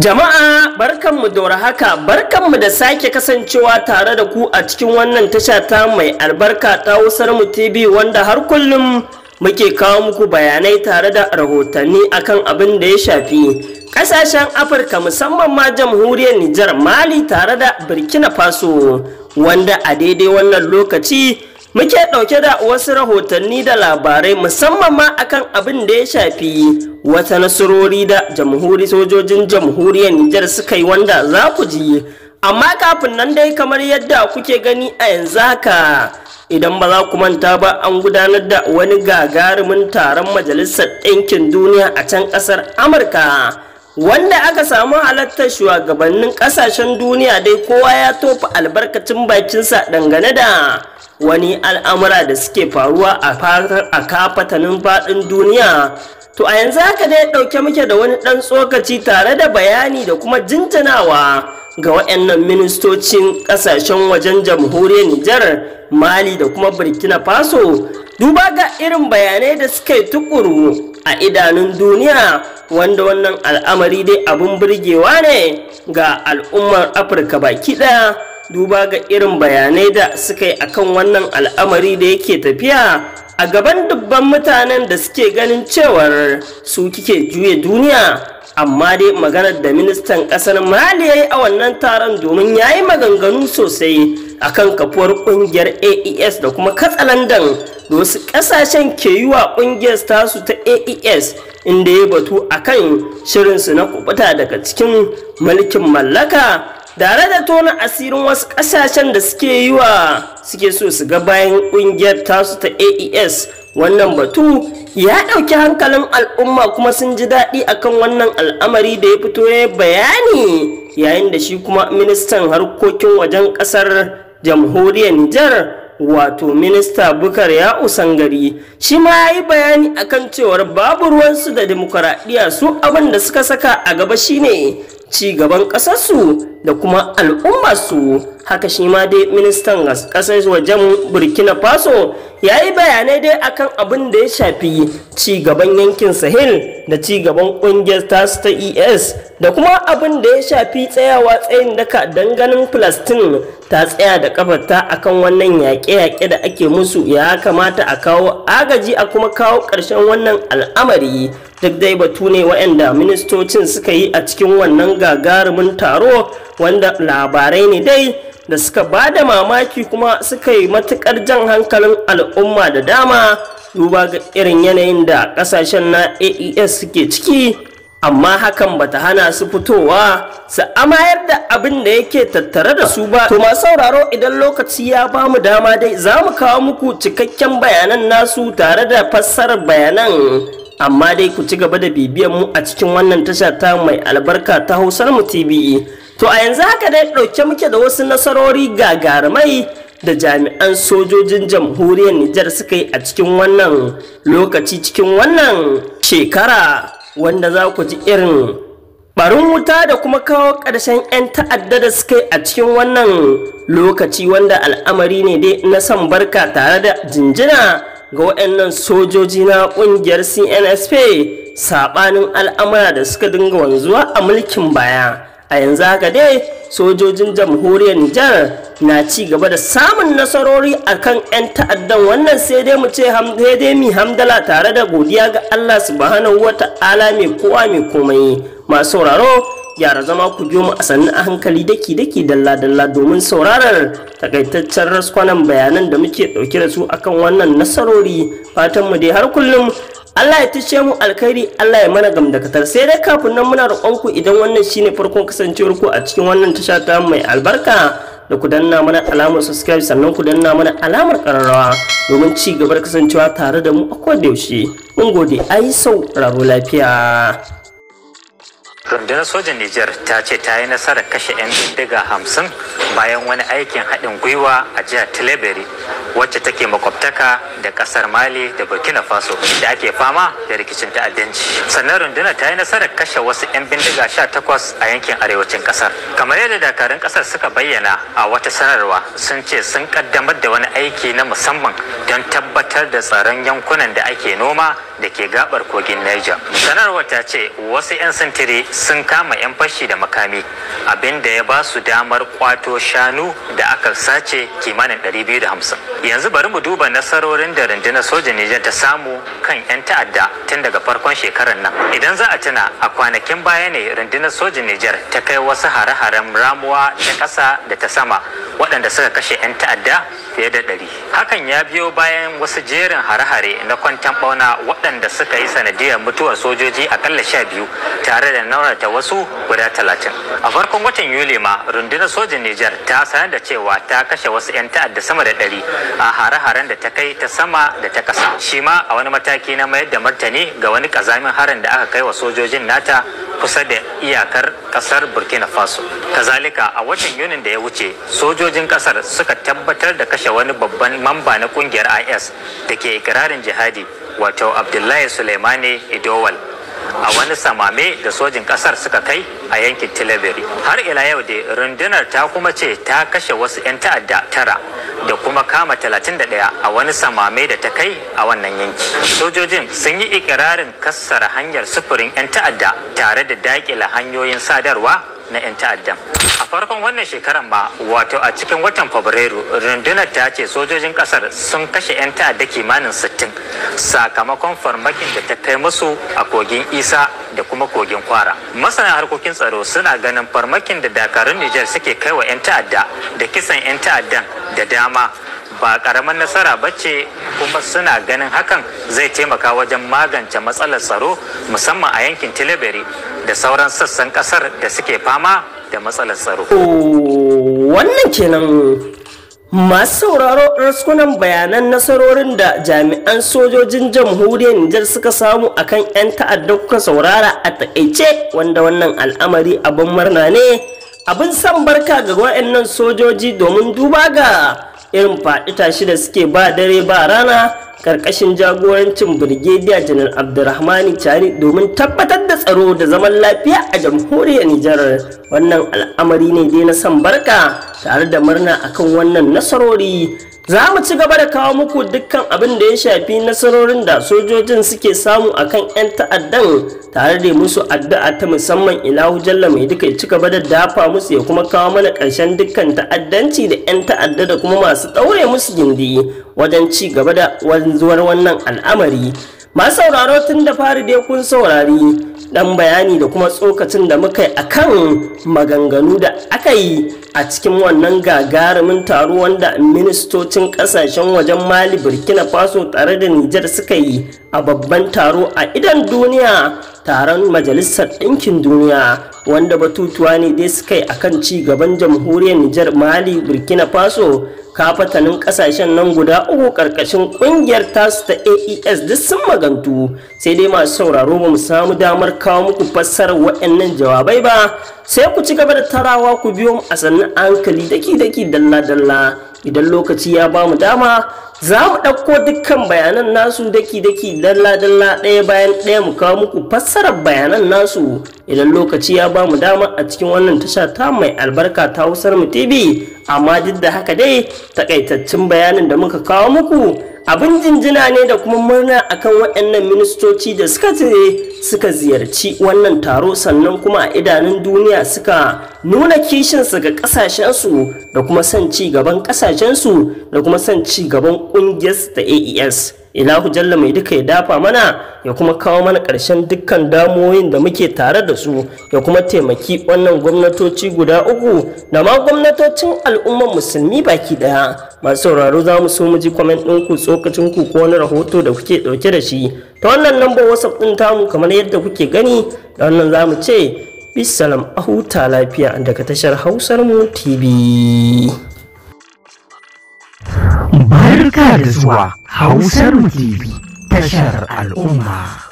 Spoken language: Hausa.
Jama'a barkanmu da warhaka barkanmu da sake kasancewa tare da ku a cikin wannan tasha ta mai albarka ta Hausar mu TV wanda har kullum muke kawo muku bayanai tare da rahotanni akan abin da ya shafi ƙasashen Afirka musamman ma jamhuriyar Nijar Mali tare da Burkina Faso wanda a daidai wannan lokaci muke ɗauke da wasu rahotanni da labarai musamman ma akan abin da ya shafi wata nasarori da jamhuri sojojin jamhuriyar Nijar suka yi wanda za ku ji amma kafin nan dai kamar yadda kuke gani a yanzu haka idan ba za ku manta ba an gudanar da wani gagarumin taron majalisar ɗinkin duniya a can ƙasar amurka wanda aka samu halartar shugabannin ƙasashen duniya dai kowa ya tofa albarkacin bakinsa dangane da wani al'amura da suke faruwa a kafatanin faɗin duniya to a yanzu haka dai ɗauke muke da wani ɗan tsokaci tare da bayani da kuma jinjanawa ga waɗannan ministocin ƙasashen wajen jamhuriyar Nijar, Mali da kuma Burkina Faso duba ga irin bayanai da suka yi tukuru a idanun duniya wanda wannan al'amari dai abin burgewa ne ga al'ummar Afirka baki ɗaya. duba ga irin bayanai da suka yi akan wannan al'amari da yake tafiya a gaban dubban mutanen da suke ganin cewar su kike juya duniya amma dai maganar da ministan ƙasar mali ya yi a wannan taron domin ya yi maganganu sosai akan kafuwar kungiyar aes da kuma katsalandan da wasu ƙasashen ke yi wa kungiyar tasu ta aes inda ya batu akan shirinsu na kubuta daga cikin mulkin mallaka tare da tona asirin wasu ƙasashen da suke yi wa suke so su ga bayan ƙungiyar tasu ta aes wannan batu ya ɗauki hankalin al'umma kuma sun ji daɗi akan wannan al'amari da ya fito ya bayani yayin da shi kuma ministan harkokin wajen ƙasar jamhuriyar nijar wato minista bukar ya Gari, shi ma ya yi bayani akan cewar babu ruwansu da dimokuraɗiyya su abin da suka saka a gaba shine ci gaban ƙasarsu da kuma al'ummarsu haka shi ma dai ministan ƙasar wajen burkina faso ya yi bayanai dai akan abin da ya shafi ci gaban yankin sahel da ci gaban kungiyar tasu ta es da kuma abin da ya shafi tsayawa tsayin daka don ganin plastin, ta tsaya da kafarta akan wannan yaƙe-yaƙe da ake musu ya kamata a kawo agaji a kuma kawo ƙarshen wannan al'amari duk dai batu ne waɗanda ministocin suka yi a cikin wannan gagarumin taro wanda labarai ne dai da suka ba da mamaki kuma suka yi matukar jan hankalin al'umma da dama duba ga irin yanayin da ƙasashen na aes suke ciki amma hakan bata hana su fitowa su amayar da abin da yake tattare da su ba to ma sauraro idan lokaci ya ba mu dama dai za mu kawo muku cikakken bayanan nasu tare da fassarar bayanan amma dai ku ci gaba da bibiyan mu a cikin wannan tasha ta mai albarka ta hausar mu TV, to a yanzu haka dai ɗauke muke da wasu nasarori gagarumai da jami'an sojojin jamhuriyar nijar suka yi a cikin wannan lokaci cikin wannan shekara wanda za ku ji irin barin wuta da kuma kawo ƙarshen 'yan ta'adda da suka yi a cikin wannan lokaci wanda al'amari ne dai na san barka tare da jinjina ga waɗannan sojoji na ƙungiyar cnsp saɓanin al'amura da suka dinga wanzuwa a mulkin baya a yanzu haka dai sojojin jamhuriyar nijar na ci gaba da samun nasarori a kan 'yan ta'addan wannan sai dai mu ce mi hamdala tare da godiya ga allah subhanahu wa ta'ala mai kowa mai komai masu sauraro gyara zama ku biyo mu a sannu a hankali daki daki dalla dalla domin sauraron takaitaccen raskwanan bayanan da muke dauke da su akan wannan nasarori fatan mu dai har kullum Allah ya tashe mu alkhairi Allah ya mana gamdakatar sai dai kafin nan muna roƙon ku idan wannan shine farkon kasancewar ku a cikin wannan tasha ta mai albarka da ku danna mana alamar subscribe sannan ku danna mana alamar ƙararrawa domin ci gaba kasancewa tare da mu a koda yaushe mun gode ai sauraro lafiya rundunar sojan nijar ta ce ta yi nasarar kashe 'yan bindiga hamsin bayan wani aikin haɗin gwiwa a jihar tileberi wacce take makwabtaka da ƙasar mali da burkina faso da ake fama da rikicin ta'addanci sannan rundunar ta yi nasarar kashe wasu 'yan bindiga sha takwas a yankin arewacin ƙasar kamar yadda dakarun ƙasar suka bayyana a wata sanarwa sun ce sun ƙaddamar da wani aiki na musamman don tabbatar da tsaron yankunan da ake noma da ke gabar kogin niger sanarwar ta ce wasu 'yan sintiri sun kama 'yan fashi da makami abinda ya ba su damar kwato shanu da aka sace kimanin 250 yanzu bari mu duba nasarorin da rundunar sojan nijar ta samu kan 'yan ta'adda tun daga farkon shekarar nan idan za a tuna a kwanakin baya ne rundunar sojan nijar ta kai wasu hare-haren ramuwa ta ƙasa da ta sama waɗanda suka kashe 'yan ta'adda fiye da ɗari hakan ya biyo bayan wasu jerin hare-hare na kwantan ɓauna waɗanda suka yi sanadiyar mutuwar sojoji akalla sha biyu tare da naurata wasu guda talatin a farkon watan yuli ma rundunar sojin nijar ta sanar da cewa ta kashe wasu 'yan ta'adda sama da ɗari a hare-haren da ta kai ta sama da ta ƙasa shi ma a wani mataki na mayar da martani ga wani ƙazamin harin da aka kai wa sojojin nata kusa da iyakar ƙasar burkina faso kazalika a watan yunin da ya wuce sojojin ƙasar suka tabbatar da kashe wani babban mamba na ƙungiyar is da ke ikirarin jihadi wato abdullahi suleimani idowal a wani samame da sojin kasar suka kai a yankin tilaberi har ila yau da rundunar ta kuma ce ta kashe wasu 'yan ta'adda tara da kuma kama 31 a wani samame da ta kai a wannan yanki sojojin sun yi ikirarin kassara hanyar sufurin 'yan ta'adda tare da daƙila hanyoyin sadarwa na 'yan ta'addan a farkon wannan shekaran ma wato a cikin watan fabrairu rundunar ta ce sojojin kasar sun kashe 'yan ta'adda kimanin 60 sakamakon farmakin da ta kai musu a kogin isa da kuma kogin kwara masana harkokin tsaro suna ganin farmakin da dakarun nijar suke kai wa 'yan ta'adda da kisan 'yan ta'addan da dama ba karamar nasara bace kuma suna ganin hakan zai taimaka wajen magance matsalar tsaro musamman a yankin tilaberi da sauran sassan kasar da suke fama da matsalar tsaro. Wannan kenan masu sauraro raskunan bayanan nasarorin da jami'an sojojin jamhuriyar Nijar suka samu akan 'yan ta'adda kuka saurara a takaice wanda wannan al'amari abin murna ne abin san barka ga waɗannan sojoji domin duba ga irin faɗi tashi da suke ba dare ba rana ƙarƙashin jagorancin birgediya janar abdurrahmani Chari domin tabbatar da tsaro da zaman lafiya a jamhuriyar nijar wannan al'amari ne dai na san barka tare da murna akan wannan nasarori za mu ci gaba da kawo muku dukkan abin da ya shafi nasarorin da sojojin suke samu a kan 'yan ta'addan tare da musu addu'a ta musamman ilahu jalla mai duka ya ci gaba da dafa musu ya kuma kawo mana ƙarshen dukkan ta'addanci da 'yan ta'adda da kuma masu ɗaure musu gindi wajen ci gaba da wanzuwar wannan al'amari masu sauraro tun da fari dai kun saurari Dan bayani da kuma tsokacin da muka yi a kan maganganu da aka yi a cikin wannan gagarumin taro wanda ministocin ƙasashen wajen mali burkina faso tare da nijar suka yi a babban taro a idan duniya taron majalisar ɗinkin duniya wanda batutuwa ne dai suka yi akan ci gaban jamhuriyar nijar mali burkina faso kafatanin kasashen nan guda uku karkashin kungiyar tasu ta aes duk sun magantu sai dai masu sauraro ba mu samu damar kawo muku fassarar waɗannan jawabai ba sai ku ci gaba da tarawa ku biyo mu a sannan hankali daki-daki dalla-dalla idan lokaci ya bamu dama za mu ɗauko dukkan bayanan nasu daki-daki dalla-dalla ɗaya bayan ɗaya mu kawo muku fassarar bayanan nasu idan lokaci ya ba mu dama a cikin wannan tasha ta mai albarka ta hausar mu tv amma duk da haka dai takaitaccen bayanin da muka kawo muku abin jinjina ne da kuma murna akan waɗannan ministoci da suka suka ziyarci wannan taro sannan kuma a idanun duniya suka nuna kishinsa ga kasashensu da kuma son ci gaban kasashensu da kuma san ci gaban kungiyar da AES ilahu jalla mai duka ya dafa mana ya kuma kawo mana ƙarshen dukkan damoyin da muke tare da su ya kuma taimaki wannan gwamnatoci guda uku da ma gwamnatocin al'ummar musulmi baki daya masu sauraro za mu so mu ji kwamen ɗinku tsokacin ku ko wani rahoto da kuke ɗauke da shi ta wannan lambar whatsapp ɗin tamu kamar yadda kuke gani da wannan za mu ce bisalam a huta lafiya daga tashar hausar mu tv barka da zuwa hausar mu tv tashar al'umma